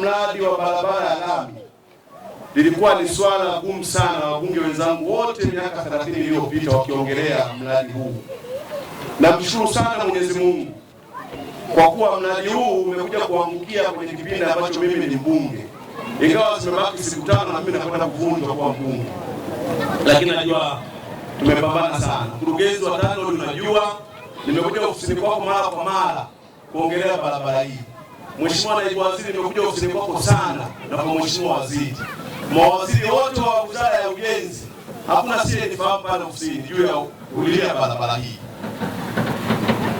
Mradi wa barabara ya lami lilikuwa ni swala gumu sana, wabunge wenzangu wote miaka 30 iliyopita wakiongelea mradi huu. Namshukuru sana Mwenyezi Mungu kwa kuwa mradi huu umekuja kuangukia kwenye kipindi ambacho mimi ni mbunge, ingawa zimebaki siku tano na mimi nakwenda kuvunjwa kuwa mbunge, lakini najua tumepambana sana. Mkurugenzi wa TANROADS, unajua nimekuja ofisini kwako mara kwa mara kuongelea barabara hii Mheshimiwa Naibu Waziri, nimekuja ofisini kwako sana na kwa Mheshimiwa Waziri, mawaziri wote wa Wizara ya Ujenzi, hakuna sie nifahamu pale ofisini juu ya kulilia barabara hii.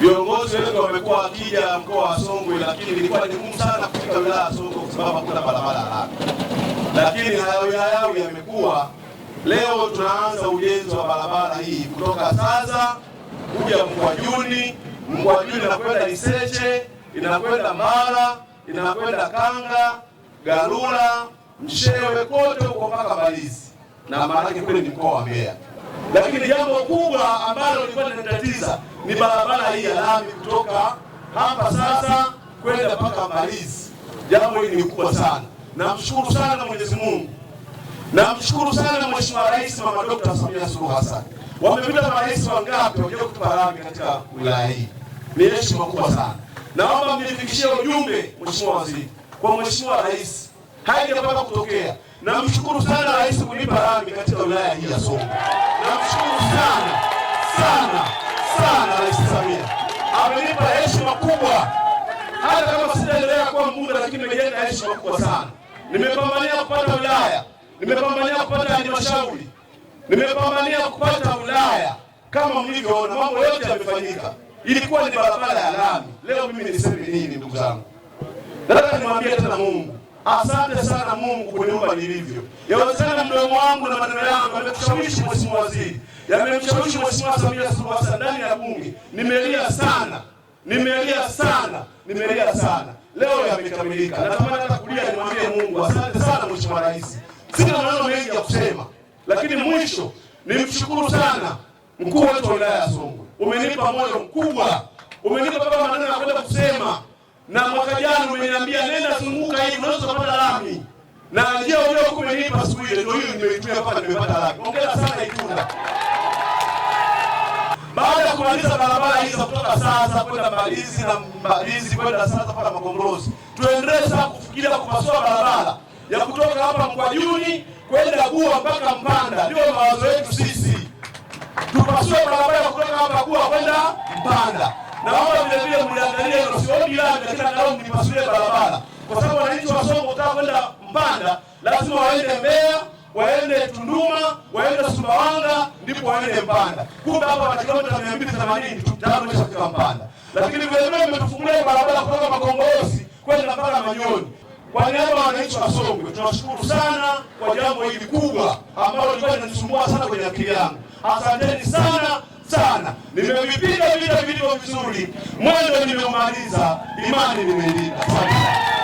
Viongozi wetu wamekuwa wakija mkoa wa Songwe, lakini ilikuwa ni ngumu sana kufika wilaya ya Songwe kwa sababu hakuna barabara haraka, lakini hayo hayo yamekuwa Leo tunaanza ujenzi wa barabara hii kutoka sasa kuja Mkwajuni, Mkwajuni na kwenda Liseche inakwenda Mara, inakwenda Kanga, garula Mshewe, kote huko mpaka malizi na yake kule ni mkoa wa Mbeya. Lakini jambo kubwa ambalo lilikuwa linatatiza ni barabara hii ya lami kutoka hapa sasa kwenda mpaka malizi Jambo hili ni kubwa sana. Namshukuru sana Mwenyezi Mungu, namshukuru sana Mheshimiwa Rais Mama Dr. Samia Suluhu Hassan. Wamepita marais wangapi waje kutupa lami katika wilaya hii? Ni heshima kubwa sana. Naomba mnifikishie ujumbe Mheshimiwa Waziri, kwa Mheshimiwa Rais, haijapata kutokea. Namshukuru sana Rais kunipa rami katika wilaya hii ya Songwe. Namshukuru sana sana sana Rais Samia, amenipa heshima kubwa, hata kama sijaendelea kuwa mbunge, lakini nimejenga heshima kubwa sana. Nimepambania kupata wilaya, nimepambania kupata halmashauri, nimepambania kupata wilaya. Kama mlivyoona, mambo yote yamefanyika ilikuwa ni barabara ya lami. Leo mimi niseme nini, ndugu zangu? Nataka nimwambie tena Mungu asante sana Mungu kuniumba nilivyo. Yawezekana mdomo wangu na maneno yangu yamekushawishi mheshimiwa waziri, yamemshawishi mheshimiwa Samia Suluhu Hassan ndani ya Bunge. Nimelia sana, nimelia sana, nimelia sana. Leo yamekamilika. Natamani hata kulia nimwambie Mungu asante sana mheshimiwa rais. Sina maneno mengi ya kusema, lakini mwisho nimshukuru sana mkuu wetu wa wilaya ya Songwe umenipa moyo mkubwa, umenipa Baba maneno ya kwenda kusema, na mwaka jana umeniambia nenda zunguka hivi unaweza kupata lami, na njia uliokuwa umenipa siku ile ndio hiyo nimeitumia hapa, nimepata lami. Hongera sana Itunda. Baada ya kumaliza barabara hizi za kutoka sasa kwenda Mbalizi na Mbalizi kwenda sasa mpaka Makongorosi, tuendelee sasa kufikiria kupasua barabara ya kutoka hapa Mkwajuni kwenda Gua mpaka Mpanda, ndio mawazo yetu sisi tupasue barabara kutoka hapa kuwa kwenda Mpanda. Naomba vile vile mliangalie usiombi lami, lakini angalau mnipasulie barabara, kwa sababu wananchi wa Songwe kutaka kwenda Mpanda lazima waende Mbeya, waende Tunduma, waende Sumbawanga, ndipo waende Mpanda. Kumbe hapa wana kilomita 280 tutaanza kufika Mpanda. Lakini vile vile mmetufungulia barabara kutoka Makongoosi kwenda mpaka Manyoni. Kwa niaba ya wananchi wa Songwe tunawashukuru sana kwa jambo hili kubwa ambalo lilikuwa linanisumbua sana kwenye akili yangu. Asanteni sana sana, nimevipiga vita vilivyo vizuri, mwendo nimeumaliza, imani nimeilinda.